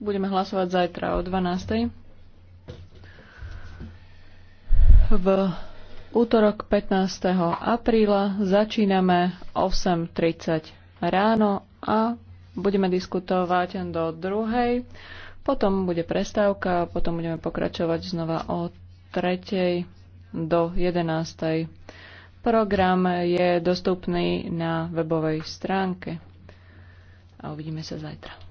Budeme hlasovať zajtra o 12. V útorok 15. apríla začíname 8.30 ráno a budeme diskutovať do druhej. Potom bude prestávka, potom budeme pokračovať znova o 3. do 11. Program je dostupný na webovej stránke a uvidíme sa zajtra.